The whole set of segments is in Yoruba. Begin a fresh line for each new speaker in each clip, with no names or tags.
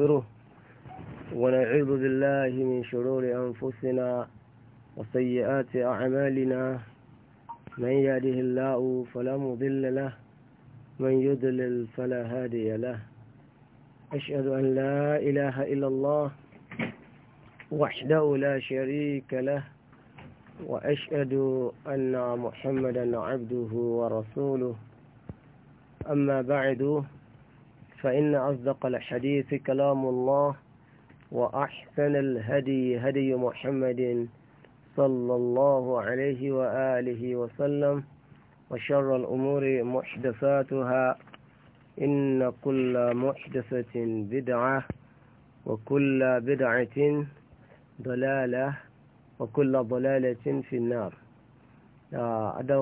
ونستغفره ونعوذ بالله من شرور أنفسنا وسيئات أعمالنا من يهده الله فلا مضل له من يضلل فلا هادي له أشهد أن لا إله إلا الله وحده لا شريك له وأشهد أن محمدا عبده ورسوله أما بعد فإن أصدق الحديث كلام الله وأحسن الهدي هدي محمد صلى الله عليه وآله وسلم وشر الأمور محدثاتها إن كل محدثة بدعة وكل بدعة ضلالة وكل ضلالة في النار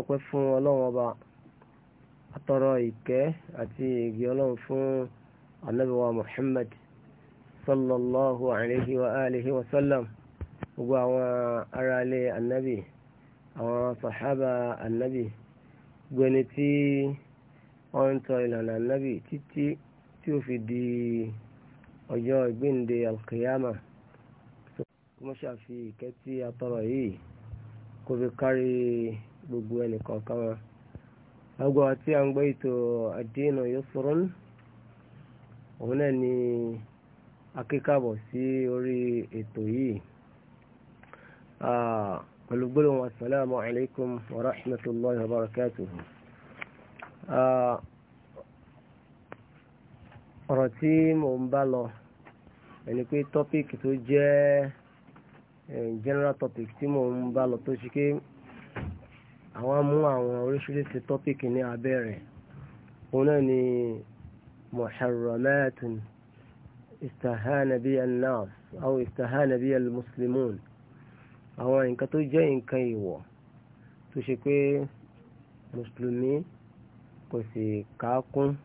قفوا الله وبعض أترى أتي يقولون فون ànábì wa Muhammad sallallahu alayhi wa alihi wa sallam gbogbo àwọn aráalé ànábì àwọn sàhábà ànábì gbogbo ẹni tí wọ́n ń tọ ìlànà ànábì títí tí ó fi di ọjọ́ ìgbéǹde alkiyama mo ṣàfi ìkẹ́ tí a tọrọ yìí kó fi kárí gbogbo ẹnìkọ̀ọ̀kan wọn. àgọ́ àti àǹgbọ́ ètò àdínà yusrun òun náà ni akíkàbọ̀ sí orí ètò yìí pẹ̀lú gbólóhùn asalaamu alaykum wa rahmatulahi wa barakatuhu. ọ̀rọ̀ tí mò ń bá lọ ẹni pé tọ́píìkì tó jẹ́ general topic tí mò ń bá lọ tó ṣe pé àwọn mú àwọn oríṣiríṣi tọ́píìkì ní abẹ́ rẹ̀ òun náà ni. محرمات استهان بها الناس أو استهان بها المسلمون أو إن كتوجا إن كيو تشكي مسلمي كسي كاكون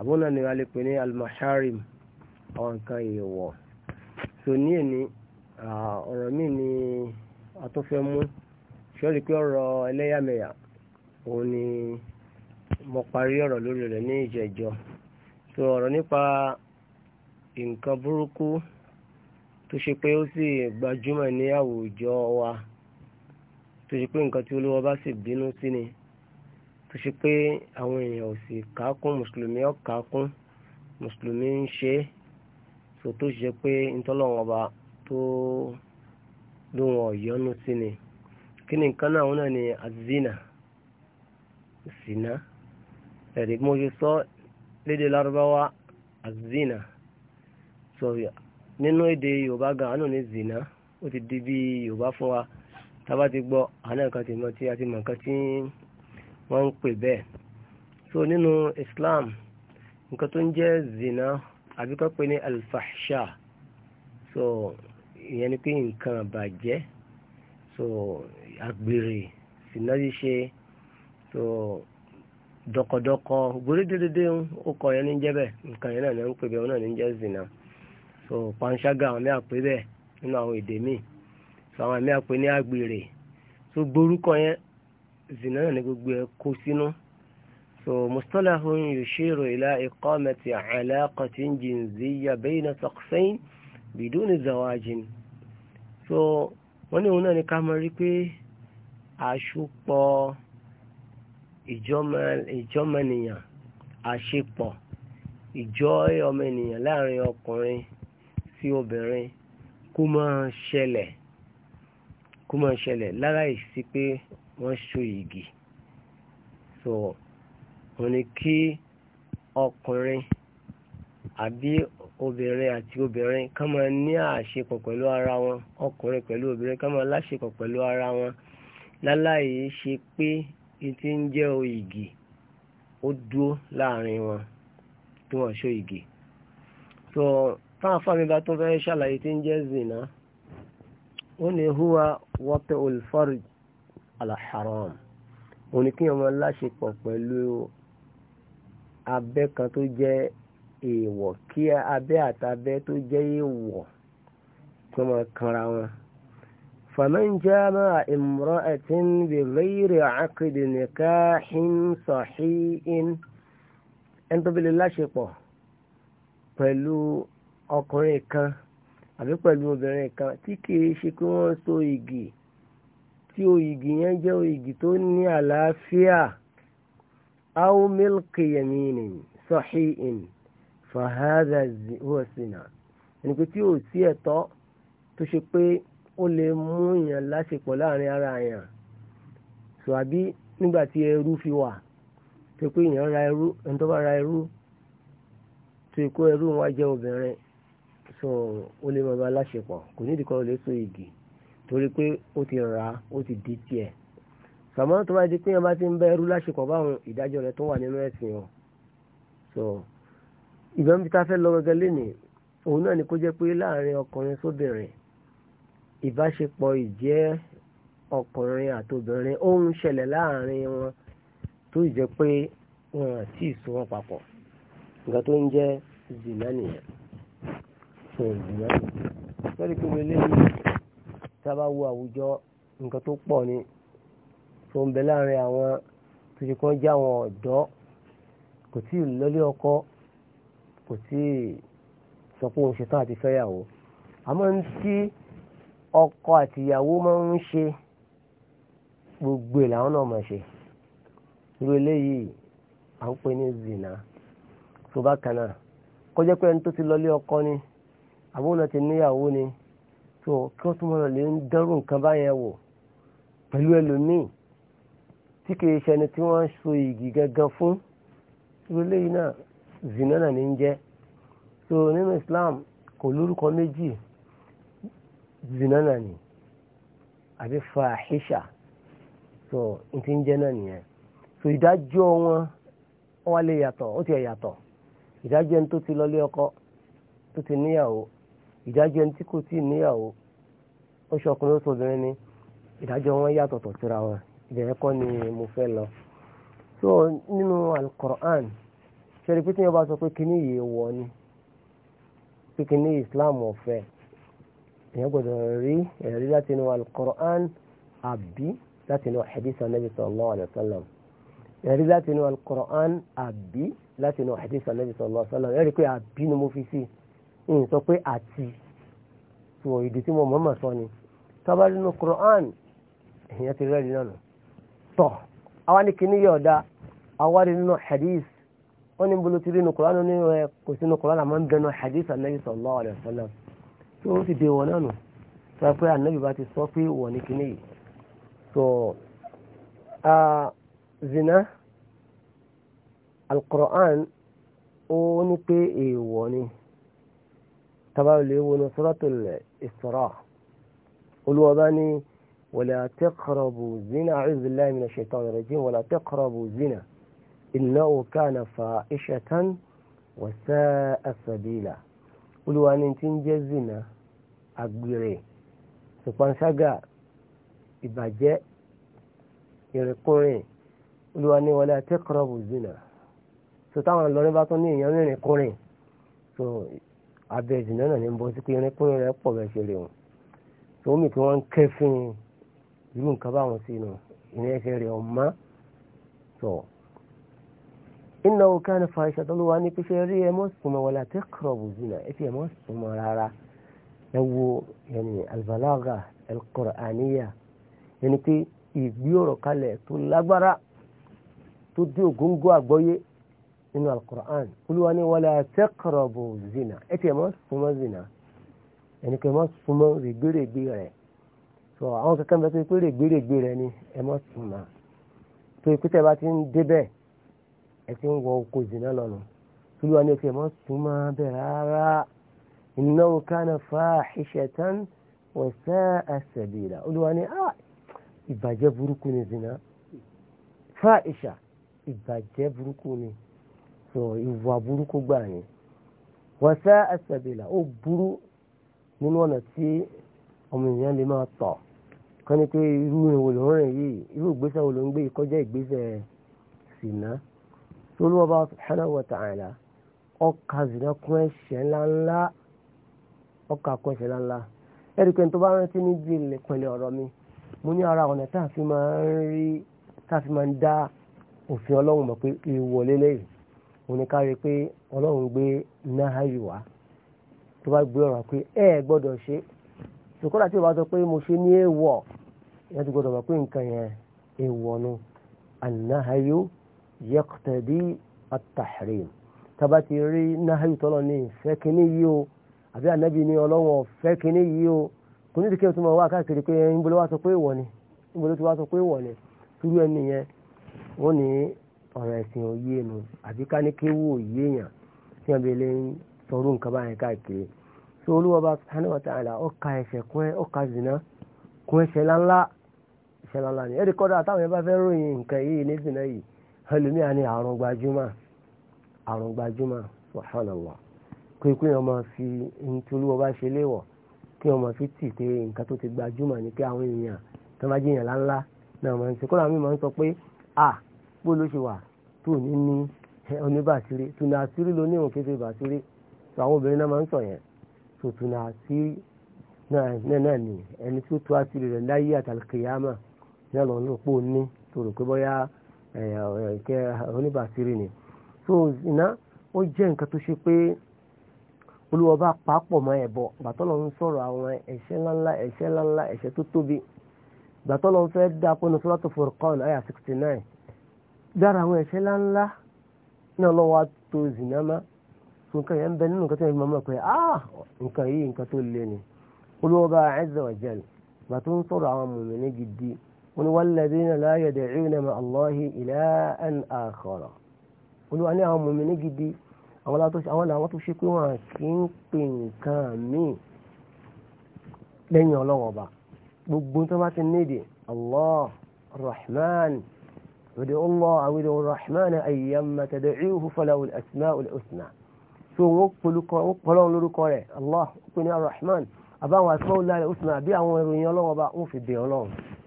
أبونا نوالي كوني المحارم أو إن كيو سنيني ọ̀rọ̀ mi ni a tó fẹ́ mú ṣọ́rí pé ọ̀rọ̀ ẹlẹ́yàmẹ̀yà mo parí ọ̀rọ̀ lórí rẹ̀ ní ìjẹ́jọ́ sọ ọ̀rọ̀ nípa nǹkan burúkú tó ṣe pé ó sì gbajúmọ̀ ní àwùjọ wa tó ṣe pé nǹkan tí olówó bá sì bínú sí ni tó ṣe pé àwọn èèyàn ò sì kákún mùsùlùmí ọ̀kákún mùsùlùmí ń ṣe é so tó ṣe pé ntọ́lọ́wọ́n ọba tó lóun ọ̀yọ́nu sí ni kí ni nǹkan náà wọn náà ni azina sina ẹ̀rí mo ṣe sọ lédè lárúbáwá azina so nínú èdè yorùbá gan àánú ní zina ó ti di bí yorùbá fún wa tábà ti gbọ́ àánú nǹkan ti mọ tí a ti mọ nǹkan tí wọ́n ń pè bẹ́ẹ̀ so nínú islam nǹkan tó ń jẹ́ zina àbí kan pè ní alfahsha so ìyẹn ni pé nǹkan àbàjẹ́ so àgbèrè sinayi ṣe so dọkọdọkọ gbórídédédé ó kọ yẹn ní jẹ́ bẹ́ẹ̀ nǹkan yẹn náà ní ń pè náà ní jẹ́ zina so panṣágà àwọn mẹ́à pé bẹ́ẹ̀ nínú àwọn èdè míì so àwọn mẹ́à pé ní àgbèrè so gbórúkọ yẹn zina náà ní gbogbo ẹ̀ kó sínú so mustalahun yushiru ila iqamati alaqatin jinziyya bayna saqfayn biduni zawajin so wọ́n ní òun náà ní ká mọ̀ rí pé àṣùpọ̀ ìjọ́mọnìyàn àṣepọ̀ ìjọ ọmọ ènìyàn láàrin ọkùnrin sí obìnrin kó máa ṣẹlẹ̀ kó máa ṣẹlẹ̀ láláì sí pé wọ́n so igi so wọ́n ní kí ọkùnrin àbí obìnrin àti obìnrin kán máa ní àṣepọ̀ pẹ̀lú ara wọn ọkùnrin pẹ̀lú obìnrin kán máa láṣepọ̀ pẹ̀lú ara wọn láláì ṣe pé ìtí ń jẹ́ oyìgì ó dúró láàrin wọn tí wọ́n ṣó igi so táwọn afáàmì bá tó fẹ́ ṣàlàyé tí ń jẹ́ zina ó ní húwa wọ́pẹ́ olùfọ́rì alaharam ó ní kí ọmọ láṣepọ̀ pẹ̀lú abẹ́ kan tó jẹ́ èèwọ̀ kí abẹ́ àtàbẹ́ tó jẹ́ èèwọ̀ kí wọ́n kanra wọn فمن جامع امرأة بغير عقد نكاح صحيح ẹni tó bí lè láṣepọ̀ pẹ̀lú ọkùnrin kan àbí pẹ̀lú obìnrin kan tí kìí ṣe pé wọ́n so igi tí oyìgì yẹn jẹ́ oyìgì tó ní àlàáfíà aw milki yaminin sahihin fahadha huwa zina ẹni pé tí ò sí ẹ̀tọ́ tó ṣe pé ó lè mú èèyàn láṣepọ̀ láàrin ara èèyàn sọ àbí nígbà tí ẹrú fi wà tó pé èèyàn ra ẹrú ẹni tó bá ra ẹrú tó kó ẹrú wọn jẹ́ obìnrin sọ ó lè máa bá láṣepọ̀ kò nídìí kan lè so igi torí pé ó ti rà á ó ti di tiẹ̀ sàmọ́ tó bá di pé yẹn bá ti ń bá ẹrú láṣepọ̀ báwọn ìdájọ́ rẹ̀ tó wà nínú ẹ̀sìn o sọ ìgbà ń bi fẹ́ lọ gẹ́gẹ́ lénìí òun náà ni kó jẹ́ pé láàrin ọkùnrin sóbìnrin ìbáṣepọ̀ ìjẹ́ ọkùnrin àtobìnrin ó ń ṣẹlẹ̀ láàrin wọn tó jẹ́ pé wọn àti ìsún wọn papọ̀ nǹkan tó ń jẹ́ zina nìyẹn fún ìzìnà nìyẹn lórí pé wọlé yìí sábà wo àwùjọ nǹkan tó pọ̀ ni tó ń bẹ láàrin àwọn tó ṣe kán já àwọn ọ̀dọ́ kò tí ì lọ́lé ọkọ kò tí ì sọ pé òun ṣetán àti fẹ́yàwó àmọ́ ń tí ọkọ àtìyàwó máa ń ṣe gbogbo ẹ̀ làwọn náà máa ṣe irú eléyìí à ń pè ní zina tó bá kan náà kọjá pé ẹni tó ti lọlé ọkọ ni àbúrò náà ti níyàwó ni tó kí wọ́n tún mọ̀ lè ń dẹ́rù nǹkan báyẹn wò pẹ̀lú ẹlòmíì tí kìí ṣẹni tí wọ́n so igi gangan fún irú eléyìí náà zina náà ní ń jẹ́ so nínú Islam kò lórúkọ méjì zina náà ni àbí fahisha so n ti ń jẹ́ náà nìyẹn so ìdájọ́ wọn ó wá lè yàtọ̀ ó ti yàtọ̀ ìdájọ́ ẹni tó ti lọ lé ọkọ tó ti níyàwó ìdájọ́ ẹni tí kò tí níyàwó ó ṣọkùnrin ó sọbìnrin ni ìdájọ́ wọn yàtọ̀ tọ̀ síra wọn ìbẹ̀rẹ̀ kọ́ ni mo fẹ́ lọ. so nínú alukoran ṣe rí pé tí wọ́n bá sọ pé kíní yìí wọ ni pé kíní Islam ọ̀fẹ́ èèyàn gbọ́dọ̀ rí ẹ̀rí láti inú al-Qur'an àbí láti inú hadith anabi sallallahu alayhi wa sallam ẹ̀rí láti inú al-Qur'an àbí láti inú hadith anabi sallallahu alayhi wa sallam ẹ̀rí pé àbí ni mo fi sí ìyìn sọ pé àti tó ìdí tí mo mọ̀ mọ̀ sọ ni tọ́ba nínú Qur'an èèyàn ti rẹ́rí náà tọ̀ àwa ni kìíní yọ̀ ọ̀dà àwa rí nínú hadith wọ́n ní bolo ti nínú Qur'an ní kò sínú Qur'an àmọ́ ń bẹnu hadith anabi sallallahu alayhi wa tí ó sì dé wọn náà nù tó yẹ pé ànábì bá ti sọ pé wọ̀ ní kíní yìí tó zina alukur'an ó ní pé èèwọ̀ ni tabalẹ̀ wọnú suratul Isra olùwọ́bá ní. ولا تقربوا الزنا أعوذ بالله من الشيطان الرجيم ولا تقربوا الزنا إنه كان فائشة وساء سبيلا olúwa ni ti ń jẹ́ zina àgbèrè ìpanṣágà ìbàjẹ́ ìrìnkúrìn olúwa ni wala taqrabu zina tó táwọn ìlọrin bá tún ní èèyàn rìnrìnkúrìn tó abẹ́ zina náà ní ń bọ́ sí pé ìrìnkúrìn rẹ̀ pọ̀ bẹ́ẹ̀ ṣe lè hùn tó mì kí wọ́n ń kẹ́fìn irú nǹkan báwọn sí inú ìrìn ẹsẹ̀ rẹ̀ ọ̀ innahu kana fàáṣà tó ló wá ní pípẹ́ rí ẹmọ́ súnmọ́ wala taqrabu zina ẹ̀fí ẹmọ́ súnmọ́ rárá ẹ wo yẹni albalagha alqur'aniya yẹni pé ìgbé ọ̀rọ̀ kalẹ̀ tó lágbára tó dé ògóńgó àgbọ́yé nínú alqur'an olúwa ní wala taqrabu zina ẹ̀fí ẹmọ́ súnmọ́ zina yẹni pé ẹmọ́ súnmọ́ règbèrègbè rẹ̀ tó àwọn kankan bẹ́ẹ̀ pé règbèrègbè rẹ̀ ni ẹmọ́ súnmọ́ tó ìpítẹ́ bá ti ń débẹ̀ ẹ ti ń wọ oko zina lọ́nà tuluwa ní ẹsẹ̀ mọ́ súnmọ́ bẹ́ẹ̀ rárá innahu kana fahishatan wa sa'a sabila olúwa ní à ah, ìbàjẹ́ burúkú ni zina fahisha ìbàjẹ́ burúkú ni sọ ìwà burúkú gbà yẹn wa sa'a sabila ó burú nínú ọ̀nà tí ọmọ ènìyàn lè máa tọ̀ kọ́ni pé irú ìwòlò ń yìí irú ìgbésẹ̀ wo ló ń gbé ìkọjá ìgbésẹ̀ sìnà tolúwọ́ba subhanahu wa ta'ala ọkà zina kún ẹ̀ṣẹ̀ ńláńlá ọkà kún ẹ̀ṣẹ̀ ńláńlá ẹ̀ríkẹ́ tó bá rántí níbi ìpìlẹ̀ ọ̀rọ̀ mi mo ní ara ọ̀nà tá a fi máa ń rí tá a fi máa ń dá òfin ọlọ́run mọ̀ pé èèwọ̀ lélẹ́yìí mo ní ká rí i pé ọlọ́run gbé náhàyè wá tó bá gbé ọ̀rọ̀ pé ẹ gbọ́dọ̀ ṣe ṣùkọ́dà tí o bá sọ pé mo ṣe ní èèwọ̀ ìyẹn ti gbọ́dọ̀ mọ̀ pé nǹkan yẹn èèwọ̀ nu ànáhàyò yaqtadi at-tahrim tàbá ri rí náhàyù tọ́lọ̀ ní ìfẹ́ o àbí ànábì ní ọlọ́wọ̀n ọ̀fẹ́ o kò ní ìdíkẹ́ tó máa wá káàkiri pé ń bolo wá sọ pé ìwọ ni ń bolo tó wá sọ pé ìwọ ni túrú ẹni yẹn wọ́n ní ọ̀rọ̀ ẹ̀sìn òye nu àbí ká ní kéwú zina ẹlòmíà ní àrùn gbajúmọ̀ àrùn gbajúmọ̀ subhanallah pé kí wọ́n máa fi nítorí wọ́n bá ṣe léwọ̀ kí wọ́n máa fi tì pé nǹkan tó ti gbajúmọ̀ ni pé àwọn èèyàn tó bá jẹ́ èèyàn láńlá náà máa ń ṣe kọ́lá mi máa ń sọ pé à bó ló ṣe wà tó ní ní oníbàṣírí tùnà àṣírí ló ní òun kéde ìbàṣírí tó àwọn obìnrin náà máa ń sọ yẹn tó tùnà àṣírí náà náà ni ẹni tó tó àṣírí rẹ̀ láyé àtàlùkìyàmà náà lọ́nà òpó ní tó pé bóyá ẹ̀kẹ́ oníbàṣírí ni so iná ó jẹ́ nǹkan tó ṣe pé olúwa bá pàápọ̀ mọ́ ẹbọ gbàtọ́lọ́ ń sọ̀rọ̀ àwọn ẹ̀ṣẹ̀ ńláńlá ẹ̀ṣẹ̀ ńláńlá ẹ̀ṣẹ̀ tó tóbi gbàtọ́lọ́ ń fẹ́ dá pé nusratu Furqan ayà sixty nine dára àwọn ẹ̀ṣẹ̀ ńláńlá ní ọlọ́wọ́ tó zinama so nǹkan yẹn ń bẹ nínú nǹkan tó yẹ kí mọ́ pé ah nǹkan yìí nǹkan wọn ni walladhina la yad'una ma'a Allahi ilahan akhar olúwa ní àwọn mùmínì gidi àwọn làwọn tó ṣe pé wọn kì í pè nǹkan míì lẹ́yìn ọlọ́wọ́ ọba gbogbo tó bá ti nídìí Allah rahman wàdí Allah àwìdí rahman ayyamma tad'uhu falahu al-asma'ul husna so wọ́n pọ̀lọ́ lórúkọ rẹ̀ Allah ó pè rahman àbáwọn asma'ul husna àbí àwọn ìròyìn ọlọ́wọ́ ọba fi bẹ̀ ọlọ́run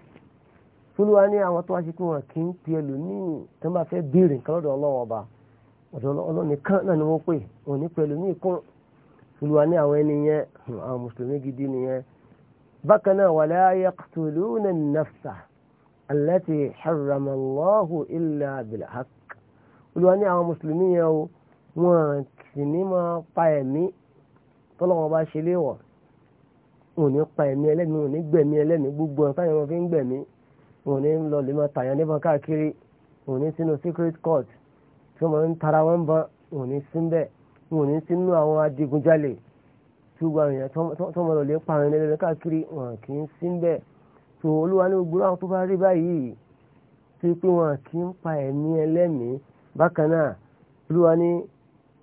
fúlùwà ní àwọn tó wá ṣe pé wọn kì í pe ẹlòmíì tó bá fẹ́ béèrè nǹkan lọ́dọ̀ ọlọ́wọ́n ọba ọ̀dọ̀ ọlọ́run nìkan náà ni wọ́n pè wọn ní pe ẹlòmíì kún fúlùwà ní àwọn ẹni yẹn àwọn mùsùlùmí gidi nìyẹn bákan náà wala yaqtuluna an-nafsa allati harrama Allahu illa bil-haqq ní àwọn mùsùlùmí yẹn o wọn sì ní máa pa ẹ̀mí tọ́lọ́wọ́n bá ṣe léwọ̀ wọn ò ní pa ẹ̀mí ẹlẹ́mìí wọn ò ní gbẹ̀mí ẹlẹ́mìí gbogbo ọ̀ wọn ní lọ lè máa tàyàn níbọn káàkiri wọn ní sínú secret court tí wọn máa ń tara wọn bọ wọn ní sí bẹ́ẹ̀ wọn ní sínú àwọn adigunjalè tí wọn yẹn tí wọn lọ lè pààyàn lẹ́lẹ́lẹ́ káàkiri wọn kì í sí bẹ́ẹ̀ tó olúwa ní gbogbo àwọn tó bá rí báyìí tí pé wọn kì í pa ẹ̀mí ẹlẹ́mìí bákan náà olúwa ní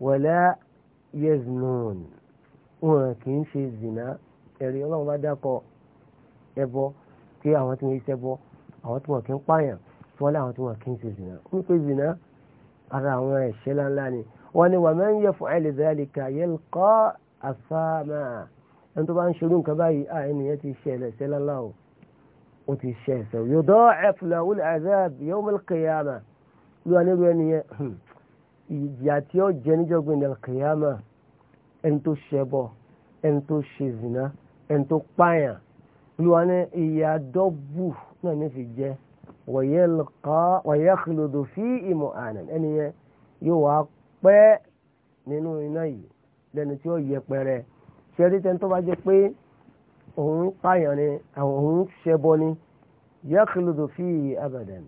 wala yaznun wọn kì í ṣe zina ẹ̀rí ọlọ́run bá dákọ̀ ẹbọ pé àwọn tí wọ́n ṣe ẹbọ àwọn tí wọ́n kí ń pààyàn tí wọ́n láwọn tí wọ́n kí ń ṣe zìnà ń pè zìnà ara àwọn ẹ̀ṣẹ̀ ńláńlá ni wọ́n ní wà man yaf'al dhalika yalqa asama ẹni tó bá ń ṣerú nǹkan báyìí à ẹnìyẹn ti ṣe ẹ̀ṣẹ̀ ńláńlá o ó ti ṣe ẹ̀ṣẹ̀ yudha'af lahu al-'adhab yawm al-qiyamah lóra nílùú ẹnìyẹn hmm, ìyà tí ó jẹ níjọ́gbìn ní al ẹni tó ṣẹbọ ẹni tó ṣe zìnà ẹni tó pààyàn lóra ní ìyà dọ́bù náà ní fi jẹ́ wọ̀yẹ́kìlódò fí ìmọ̀ àná ẹni yẹn yóò wá pẹ́ nínú iná yìí lẹ́nu tí ó yẹ pẹrẹ ṣẹ́rí tẹ́ni tó bá jẹ́ pé òun pààyàn ni òun ṣẹbọ ni yẹ́kìlódò fí abadan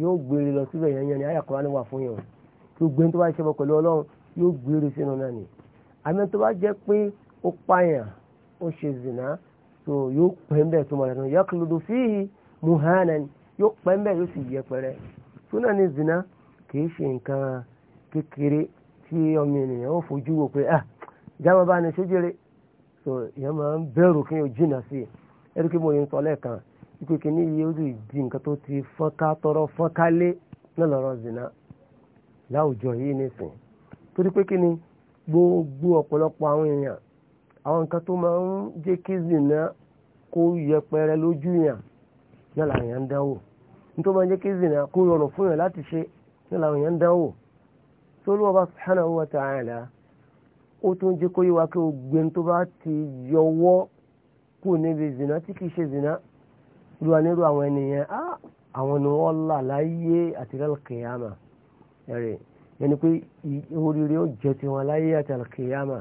yóò gbére lọ síbẹ̀ yẹn yẹn ni ayàkọ́ ni wà fún yẹn tí gbé tó bá ṣẹbọ pẹ̀lú ọlọ́run yóò gbére sínú náà ni àmì tó bá jẹ́ pé ó pààyàn ó ṣe zìnà tó yóò pẹ́ ń bẹ̀ tó mọ̀ lẹ́nu yẹ́kìlódò fí muhanan yóò pẹ́ ń yóò sì yẹpẹrẹ pẹ́rẹ́ ní zina kìí ṣe nǹkan kékeré tí ọmọ ènìyàn ó fojú wò pé ah jáwọ́ bá ní sójúre so èèyàn máa ń bẹ̀rù kí yóò jìnnà sí i ẹ̀rù kí mo yẹn sọ lẹ́ẹ̀kan ipò kìíní yìí ó di nǹkan tó ti fọ́nká tọrọ fọ́nká lé zina láwùjọ yìí nìsín torí pé kí ni gbogbo ọ̀pọ̀lọpọ̀ àwọn èèyàn àwọn nǹkan tó máa ń jẹ́ kí zina kó yẹpẹrẹ náà làwọn èèyàn ń dánwò nítorí wọn jẹ́ kí zina kó rọrùn fún yàn láti ṣe náà làwọn èèyàn ń dánwò tó ló wọ́n bá subhanahu wa ta'ala ó tún jẹ́ kó yíwa kí ogbin tó bá ti yọwọ́ kú níbi zina tí kìí ṣe zina olúwa nírú àwọn ènìyàn á àwọn ni wọ́n là láyé àti lálùkìyàmà ẹ̀rẹ̀ ẹni pé oríire ó jẹ́ tiwọn láyé àti lálùkìyàmà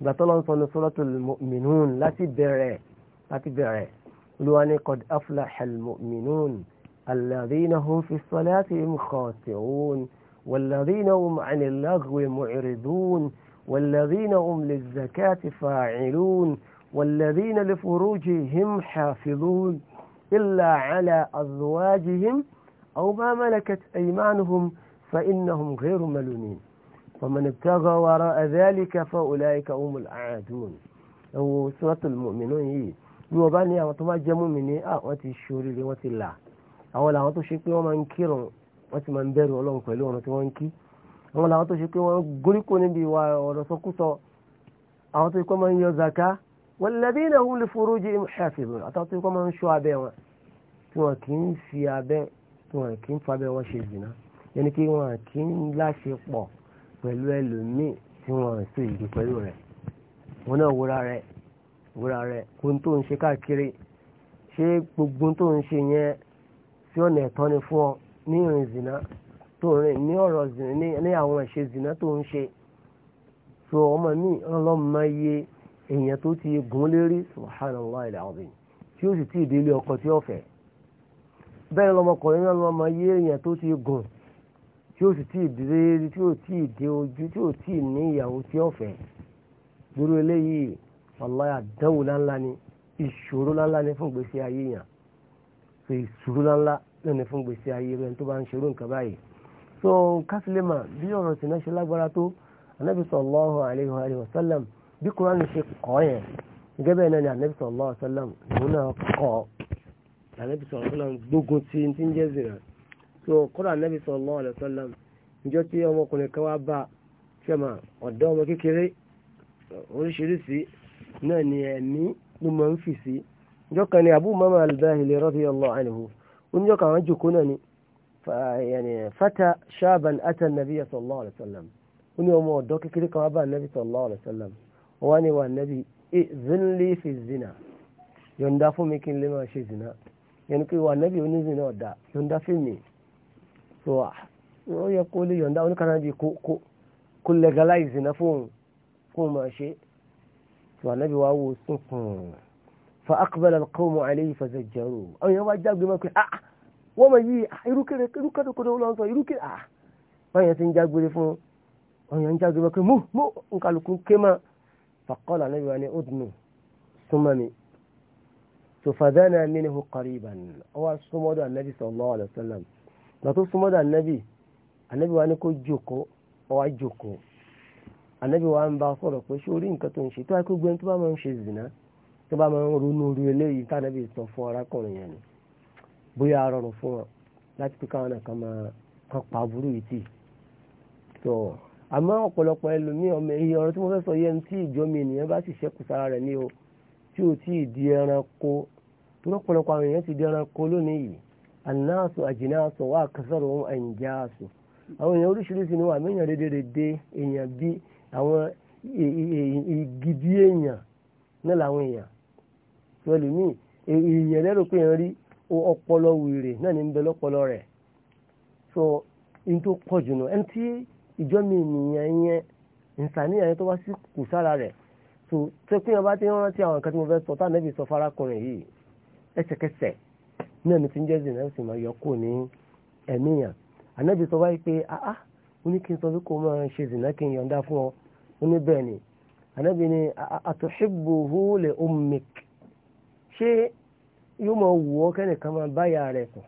ìgbà tó ní suratul mu'minun láti bẹ̀rẹ̀ láti bẹ̀rẹ̀. لواني قد أفلح المؤمنون الذين هم في الصلاة خاطئون والذين هم عن اللغو معرضون والذين هم للزكاة فاعلون والذين لفروجهم حافظون إلا على أزواجهم أو ما ملكت أيمانهم فإنهم غير ملونين فمن ابتغى وراء ذلك فأولئك هم الأعادون أو سورة المؤمنون bí wọ́n bá ní àwọn tó bá jẹ́ mùmínì à wọ́n ti ṣoríire wọ́n ti là àwọn làwọn tó ṣe pé wọ́n máa ń kírun wọ́n ti máa ń bẹ̀rù ọlọ́run pẹ̀lú ọ̀rọ̀ tí wọ́n ń kí àwọn làwọn tó ṣe pé wọ́n gúríkò níbi ìwà ọ̀rọ̀ sọkúsọ àwọn tó ṣe pé wọ́n ń yọ zaka walladhina hum li furujihim hafizun àtàwọn tó ṣe pé wọ́n máa ń ṣọ́ abẹ́ wọn tí wọ́n kì í fi abẹ́ tí wọ́n kì í fa abẹ́ wọn ṣe zìnà yẹn ni pé kì í láṣepọ̀ pẹ̀lú ẹlòmíì tí wọ́n sì wúra rẹ kó tó ń ṣe káàkiri ṣé gbogbo tó ń ṣe yẹn tí ọ̀nà ẹ̀tọ́ ni fún ọ ní ìrìn zìnà tó rìn ní ọ̀rọ̀ zìnà ní àwọn ìṣe zìnà tó ń ṣe so ọmọ mi ọlọ́mọ èèyàn tó ti gun lérí subhanallah alazim tí ó sì tí ì ọkọ tí ó fẹ́ bẹ́ẹ̀ lọmọkùnrin náà èèyàn tó ti gùn tí ó sì tí ì tí ó ojú tí ó wàláyé àdánwò láńlá ni ìṣòro láńlá ni fún gbèsè ayé yàn so ìṣòro láńlá lónìí fún gbèsè ayé rẹ tó bá ń ṣerú nǹkan báyìí so kásílẹ̀mà bí ọ̀rọ̀ tìǹà ṣe lágbára tó anabi sallallahu alayhi wa sallam bí kuran ṣe kọ́ yẹn gẹ́gẹ́ bẹ́ẹ̀ náà ni anabi sallallahu alayhi wa sallam òun náà kọ́ anabi sallallahu alayhi wa sallam ti ń jẹ́ zìrà so kọ́ra anabi sallallahu alayhi wa sallam ìjọ tí ọmọkùnrin kan wá bá ṣẹ́mà ọ̀dọ́ ọmọ kékeré náà ni ẹ̀mí ló máa ń fì sí ìjọ kan ni Abu Umama al-Bahili radiyallahu anhu oníjọ kan àwọn jòkó náà ni fata shaban ata nabi sallallahu alayhi wa sallam ó ní ọmọ ọ̀dọ́ kékeré kan wá bá nabi sallallahu alayhi wa sallam wọ́n ní wà nabi zinli fi zina yọ̀ǹda fún mi kí n lè máa ṣe zina yẹnu pé wà nabi onízina ọ̀dà yọ̀ǹda fún mi so ó yẹ kó lè yọ̀ǹda oníkanáà bíi kó legalize zina fún òun kó máa ṣe tó ànábì wa wò sunkún fa aqbala alqawmu alayhi fazajjaru àwọn èèyàn wá jágbe mọ́ pé ah, ah wọ́n mọ̀ yìí irúkèrè ah, irúkèrè kòtò wọn lọ sọ irúkèrè ah báyọ̀ ti ń jágbére fún àwọn èèyàn ń jágbére pé mú mú nkàlùkù ké mọ́ faqala ànábì wa ní udnu súnmọ́ mi ففدنا منه قريبا هو سمود النبي صلى الله عليه وسلم لا تسمود النبي النبي وانكو جوكو او جوكو ànábì wa ń bá sọ̀rọ̀ pé ṣé orí nǹkan tó ń ṣe tó wáyé kó gbẹ́ni tó bá máa ń ṣe zìnà tó bá máa ń ronú orí eléyìí tánàbì sọ fún arákùnrin yẹn ni bóyá a rọrùn fún wọn láti pé káwọn nǹkan máa kan pa burú yìí tì tó àmọ́ ọ̀pọ̀lọpọ̀ ẹlòmíì ọmọ iye ọ̀rọ̀ tí mo fẹ́ sọ yẹn tí ìjọmi ènìyàn bá sì ṣẹ́kù sára rẹ̀ ní o tí ò tí ì di ẹranko tó lọ́pọ̀lọpọ̀ àwọn èèyàn ti di ẹranko lónìí yìí anáàsù àjìnáàsù wà kásáró ẹ̀ǹjáàsù àwọn èèyàn oríṣiríṣi ni wà mẹ́yàn rédèrèdè èèyàn bíi àwọn ìgidi èèyàn náà làwọn èèyàn wọ́n lè mí èèyàn lẹ́rù pé èèyàn rí ọpọlọ wèrè náà ní ń bẹ lọ́pọlọ rẹ̀ so in tó pọ̀ jù nù ẹni tí ìjọ mi nìyẹn yẹn ìsàníyàn yẹn tó wá sí kù sára rẹ̀ so tó pé wọn bá ti rántí àwọn nǹkan tí mo fẹ́ sọ táwọn ẹbí sọ farakùnrin yìí ẹsẹ̀kẹsẹ̀ náà ní ti ń jẹ́ zina ó sì máa yọ kù ní ẹ̀míyàn ànábì sọ wáyé pé ah ah oníkínsọ ló kó máa ṣe zina kí n yọ̀ǹda fún ọ ó ní bẹ́ẹ̀ ni ànábì ni àtúnṣebòhó lè omik ṣé yóò máa wù ọ́ kẹ́nìkan máa bá yà rẹ̀ kù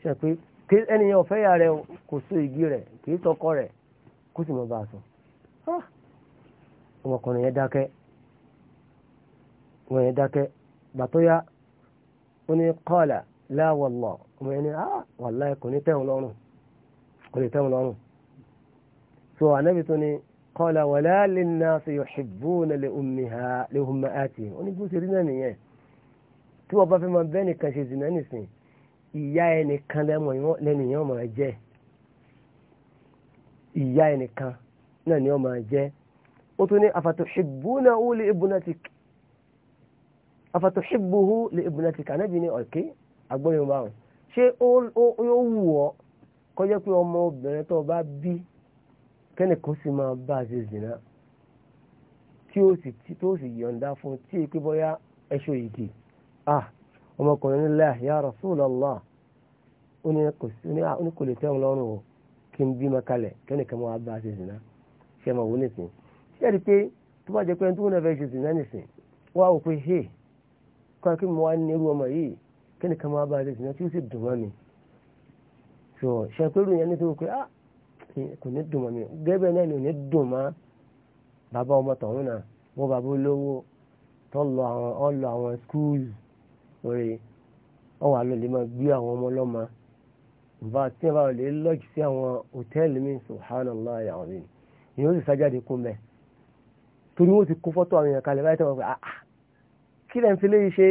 ṣe pé kí ẹnìyàn ọ̀fẹ́ yà rẹ̀ kò so igi rẹ̀ kì í tọkọ rẹ̀ kó sì mọ bá a sùn ah! ọmọkùnrin yẹn dákẹ́ ọmọ yẹn dákẹ́ gbàtóyá ó ní kọ́ọ̀là láwọ̀lọ̀ ọmọ yẹn ní ah, wàláì kò ní tẹ̀wọ̀n lọ́rùn kò ní tẹ̀wọ̀n lọ́rùn so ànábì tó ní qala wala linnasi yuhibbuna li ummiha li ummaatihim ó ní bó ṣe rí náà nìyẹn tí wọ́n bá fẹ́ máa bẹ́ẹ̀ nìkan ṣe zìnà nìsín ìyá ẹnìkan lẹ́nìyàn máa jẹ́ ìyá ẹnìkan náà ni wọ́n máa jẹ́ ó tún ní afatuhibbunahu li ibnatik afatuhibbuhu li ibnatik ànábì ní ọ̀kẹ́ agbóyún báwọn ṣé ó wù ọ́ kọjá pé ọmọ obìnrin tó bá bí kẹ́nìkan sì máa bá a ṣe zìnà tí ó sì tí tó sì yọ̀ǹda fún tí è pé bóyá ẹṣọ ìgè ah ọmọkùnrin nílẹ̀ ya Rasulullah ó ní kò ah, lè tẹ́ wọn lọ́rùn o kí n bímọ kalẹ̀ kẹ́nìkan máa bá a ṣe zìnà ṣe máa wò nísìn ṣé ẹ̀rí pé tó bá jẹ́ pé tó náà fẹ́ ṣe zìnà nísìn wá ò pé hey kọ́ kí mo wá ní irú ọmọ yìí kẹ́nìkan máa bá a ṣe zìnà tí ó sì dùn mọ́ mi so ṣe pé irú ah kò ní dùn mọ́ mi gẹ́gẹ́ náà ni ò ní dùn mọ́ bàbá ọmọ tọ̀hún náà wọ́n bàbá olówó tó lọ àwọn ọlọ àwọn skul orí ọwọ́ àlọ́ lè máa gbé àwọn ọmọ ọlọ́mọ nfa tí wọ́n bá lè lọ́ọ̀jì sí àwọn hòtẹ́ẹ̀lì mi subhanallah yàrá mi ìyẹn ó sì sájáde kú mẹ́ torí wọ́n ti kó fọ́tò àwọn èèyàn kalẹ̀ báyìí tó wọ́n fẹ́ ah, ah kí lẹ́yìn fi léyìí ṣe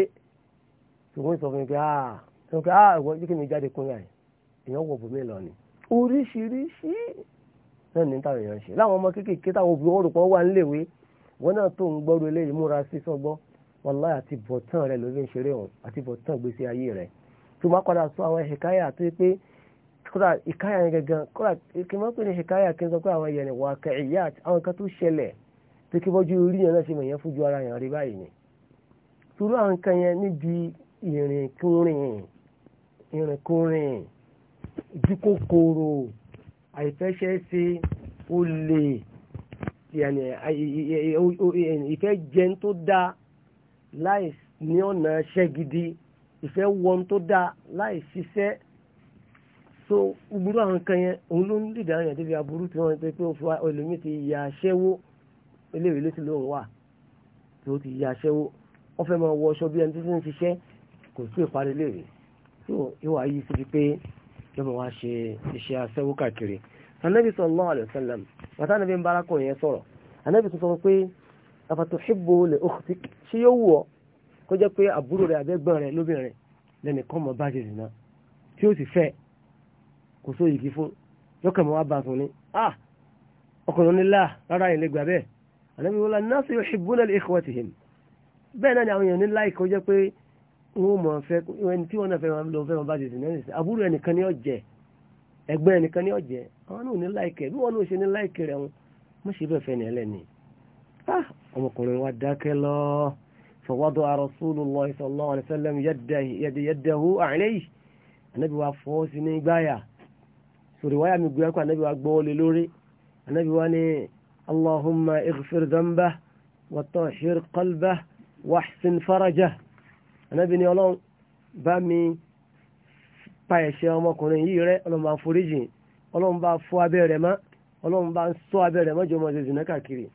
ṣùgbọ́n ìsọfún mi pé ah ṣùgbọ́n ah jáde kúnyà yìí èèyàn bùnmí lọ ni oríṣiríṣi náà ní táwọn èèyàn ṣe láwọn ọmọ kéékèèké táwọn obìnrin wọn rò pé wọn wà níléèwé wọn náà tó ń gbọ́rọ̀ eléyìí múra sí sọ́gbọ́ wàláhì àti bọ̀tán rẹ ló fi ń ṣeré òun àti bọ̀tán gbèsè ayé rẹ tó má padà sọ àwọn ìkáyà àti pé kódà ìkáyà yẹn gangan kódà kí n má pè ní ìkáyà kí n sọ pé àwọn yẹn wà kẹ̀yà àwọn kan tó ṣẹlẹ̀ pé kí bọ́jú orí yẹn náà ṣe mọ̀ fújú ara yẹn rí báyìí ni torí àwọn kan yẹn níbi ìrìnkúrìn ìrìnkúrìn díkòkòrò àìfẹ́ṣẹ́ ṣe ó lè ìfẹ́ jẹun tó dáa láì ní ọ̀nà ṣẹ́ gidi ìfẹ́ wọn tó dáa láì ṣiṣẹ́ so gbogbo àwọn kan yẹn òun ló ń dìde àwọn èèyàn débi aburú tí wọ́n pé pé o fi wá ẹlòmíì ti ya aṣẹ́wó eléyìí ló ti lóun wà tí o ti ya aṣẹ́wó wọ́n fẹ́ máa wọ ọṣọ bí ẹni tó ti ń ṣiṣẹ́ kò sí ìparí léèrè so ìwà yìí ti di pé yóò bọ̀ wá ṣe iṣẹ́ aṣẹ́wó káàkiri anabi sallallahu alayhi wa sallam wàtá anabi ń bára kùnrin yẹn sọ̀rọ̀ anabi tó sọ pé afatuhibbu li ukhtik ṣé yóò wù ọ́ kó jẹ́ pé àbúrò rẹ̀ àbẹ́gbọ́n rẹ̀ lóbìnrin lẹ́nu kọ́ mọ́ bá ṣe zina tí ó sì fẹ́ kò só yìí kí fún yọkàn mọ́ wá bá tún ní ah ọkùnrin ní láà rárá yìí lè gbà bẹ́ẹ̀ anabi wọn mọ̀ fẹ́ ẹni tí wọ́n náà fẹ́ lọ fẹ́ wọn bá ti sìn náà nìsín àbúrò ẹnìkan ní ọ̀jẹ̀ ẹgbẹ́ ẹnìkan ní ọ̀jẹ̀ àwọn náà ní láìkẹ́ bí wọ́n náà ṣe ní láìkẹ́ rẹ̀ wọn mọ̀ ṣe bẹ́ẹ̀ fẹ́ ni ẹlẹ́ni. Ah! ọmọkùnrin wa dákẹ́ lọ fọwọ́dọ̀ Rasulullahi sallallahu alaihi wasallam yadahu alayhi anabi wa fọ́ sí ní gbáyà sori wáyà mi gbé ẹkọ anabi lórí anabi ní Allahumma ighfir dhanbahu wa tahhir qalbahu wa ahsin farajah ànábì ni ọlọ́run bá mi pa ẹ̀ṣẹ̀ ọmọkùnrin yìí rẹ́ ọlọ́run bá foríjì ọlọ́run bá fọ́ abẹ́ rẹ̀ mọ́ ọlọ́run bá ń sọ abẹ́ rẹ̀ mọ́jọ́ ọmọ ìṣẹ̀ṣẹ̀ náà káàkiri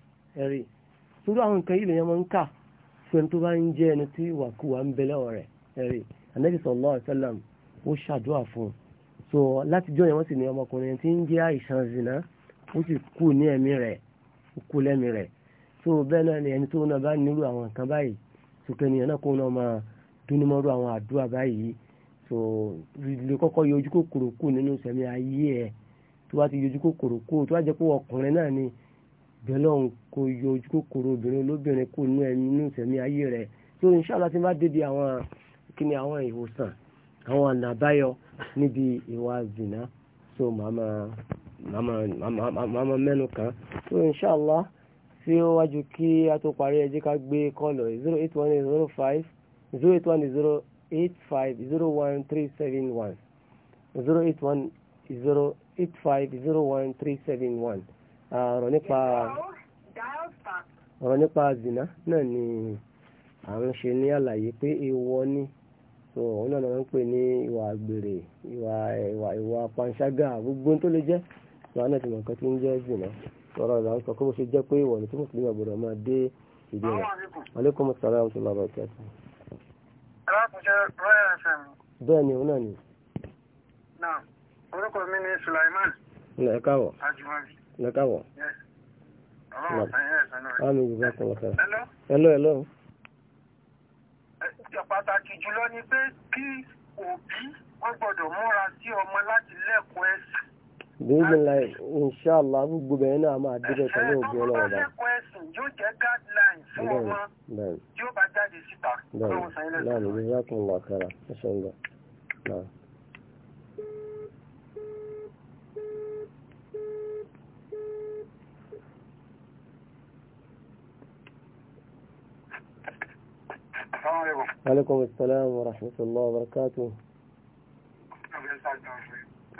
ẹ̀rí torí àwọn nǹkan yìí lèèyàn máa ń kà fún ẹni tó bá ń jẹ́ ẹni tí wàkúwà ń bẹ lọ́wọ́ rẹ̀ ẹ̀rí ànábì sallallahu alaihi ó ṣàdúrà fún un so látijọ́ yẹn wọ́n sì ní ọmọkùnrin tí ń jẹ́ àìsàn zìnà ó sì kú ní so bẹ́ẹ̀ ni ẹni tó náà bá nílò àwọn nǹkan báyìí sùkẹ́ túnimọ́rú àwọn àdúrà báyìí tó lè kọ́kọ́ yọjú kòkòrò kù nínú sẹ̀mí ayé ẹ̀ tó bá ti yọjú kòkòrò kù tó bá jẹ́ pé ọkùnrin náà ni bẹ́ẹ̀ lọ́hùn kò yọjú kòkòrò obìnrin olóbìnrin kù nínú ẹ̀mí nínú sẹ̀mí ayé rẹ̀ tó inṣàlá ti má débi àwọn kíni àwọn ìwòsàn àwọn ọ̀nà àbáyọ níbi ìwà zìnà so màmá màmá màmá mẹ́nu kan so inṣàlá tí ó wájú kí a tó parí ẹjẹ́ ká gbé kọ́ọ̀lù zero eight one zero five zero eight one zero eight five zero one three seven one zero eight one zero eight five zero one three seven one ah, ọ̀rọ̀ nípa ọ̀rọ̀ nípa zina náà ni à ń ṣe ní àlàyé pé èèwọ̀ ni so òun náà máa ń pè ní ìwà àgbèrè ìwà ìwà ìwà panṣágà gbogbo tó lè jẹ́ ìwà náà ti mọ̀ nǹkan tí ń jẹ́ zina sọ̀rọ̀ ìlànà sọ pé bó ṣe jẹ́ pé ìwọ̀ ni tí mùsùlùmí ọ̀gbọ̀dọ̀ máa dé ìdí rẹ̀. aleykum salaam wa rahmatulahi wa barakatuh alákùnjẹ́ royal fm. bẹ́ẹ̀ ni òun náà ni. náà orúkọ mi ni Sulaiman. ẹ káwọ̀. ajumabi. ẹ káwọ̀. ọlọ́run ẹ̀yẹ ẹ̀sán náà. wàá mi gbogbo ẹ̀sán lọ́sẹ̀. hello. hello hello. pàtàkì jùlọ ni pé kí òbí wọ́n gbọ́dọ̀ múra sí ọmọ láti lẹ́kọ̀ọ́ ẹ̀sìn. بإذن الله إن شاء الله أبو جبينا ما أدري كانوا بيقولوا هذا. نعم نعم. نعم نعم جزاكم الله خيرا ما شاء الله. نعم. السلام عليكم. وعليكم السلام ورحمة الله وبركاته.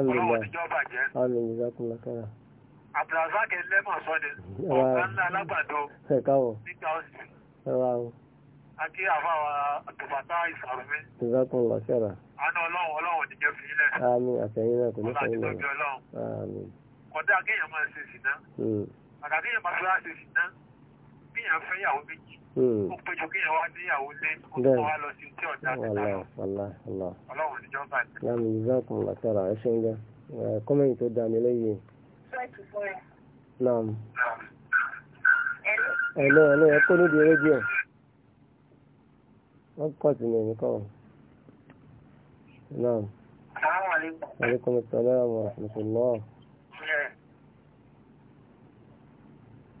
ọlọ́wọ́ ìjọ bàjẹ́. Abdulrasaq Lẹ́mọ̀ sọ́dẹ̀ ọ̀gá ńlá alágbàdo nígbà ọ̀sìn. Akí àfáwà àtùfàtà ìsàrùmí. Ìzákùnlá ṣẹ́ra. Àná ọlọ́run ọlọ́run ti jẹ́ fi ilẹ̀. Àmín àtẹ̀yìn náà kò ní sọ ìlú. Àmín. Kọ̀dá kéèyàn máa ṣe sí náà. Àtàkéèyàn máa ṣe sí náà. Bí èèyàn fẹ́ yàwó méjì. Hmm. ó péjọ kí ìyàwó adéyàwó lé kó tó wá lọ sí tí ọ̀dà àtẹ̀tà náà ọlọ́run níjọba àti. láàmì ìzákùn látara ẹ ṣeun gan kọ́mẹ́yìn tó dá mi lẹ́yìn. naam. ẹ̀lọ́ ẹ̀lọ́ ẹ kó nídìí rédíò wọ́n kọ́ sí ní ẹ̀mí kọ́ naam.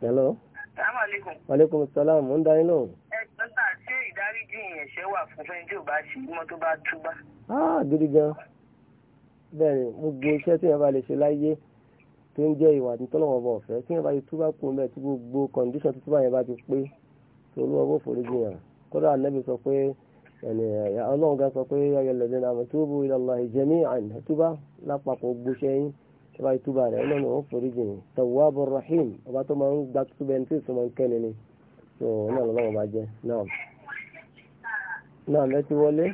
hello sàmàlẹ́kùn. maaleykum salaam ń darí lóhùn. ẹ dọ́tà ṣé ìdáríjì ìyẹ̀ṣẹ̀ wà fún fẹ́ni tí ò bá ṣe mọ́ tó bá túbá. áà ah, gidi gan bẹ́ẹ̀ ni gbogbo iṣẹ́ tí yẹn bá lè ṣe láyé tó ń jẹ́ ìwà nítọ́lọ́wọ́ bọ̀ ọ̀fẹ́ tí yẹn bá ti túbá kú mẹ́ tí gbogbo kọ̀ǹdíṣọ̀n tuntun báyẹn bá ti pé tó olúwa bó forí jìyàn kódà anábì sọ pé ọlọ́run gan sọ pé ayọ̀lẹ̀ ṣọba ìtúbà rẹ̀ ọlọ́run ó forí jìn tawwabur rahim ọba tó máa ń gba túbẹ̀ ní tí èso máa ń kẹ́ni ni tó náà lọ́wọ́ bá jẹ́ náà. náà mẹ́ ti wọlé.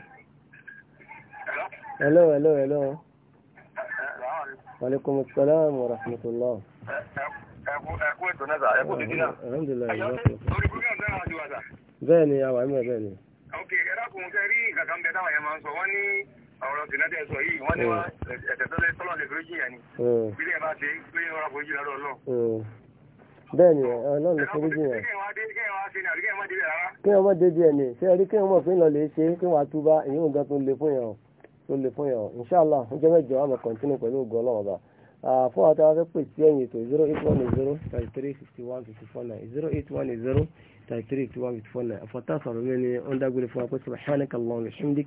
hello hello hello. maaleykum salaam wa rahmatulah. ẹkú ètò náà sà ẹkú dídí náà. alhamdulilayi ẹ̀yọ́ orí búrẹ́dì ni àwọn ẹ̀mí ẹ̀ bẹ́ẹ̀ ni. ok ẹ̀rọ kò ń fẹ́ rí nǹkan táwọn yẹn máa ń sọ wọ́n ní ọ̀rọ̀ tìǹtẹ̀ sọ yìí wọ́n ní wá hmm. ẹ̀sẹ̀ tó lé tọ́lọ̀ lè fi jìyà ni hmm. bí lè bá ṣe pé ọ̀rọ̀ kò jìyà lọ́dọ̀ ọlọ́ bẹ́ẹ̀ni Ọlọ́run ló forí jìyàn kí ọmọ débi ẹni ṣe rí kí ọmọ òfin lọ lè ṣe kí wọn àtúbá èyí ò gan tó le fún yàn tó le fún yàn inṣàlá ọjọ́ mẹ́jọ àmọ́ kọńtínú pẹ̀lú ògùn Ọlọ́run ọba fún àwọn tí wọn fẹ́ pè sí ẹ̀yìn ètò zero eight one zero thirty three fifty one fifty four nine zero eight one zero thirty three fifty one fifty four nine àfọ̀tá sọ̀rọ̀ mi ni ó ń dágbére fún wa pé subhanaka Allahumma